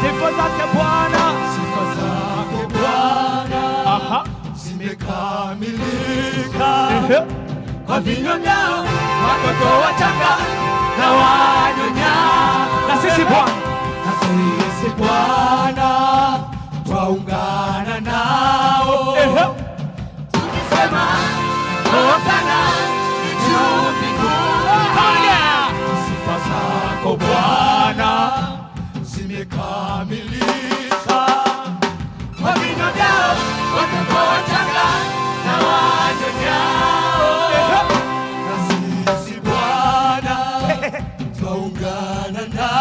Sifa zake Bwana, sifa zake Bwana zimekamilika kwa vinyonyao, watoto wachanga na wanyonyao. Na sisi Bwana, na sisi Bwana twaungana nao na na na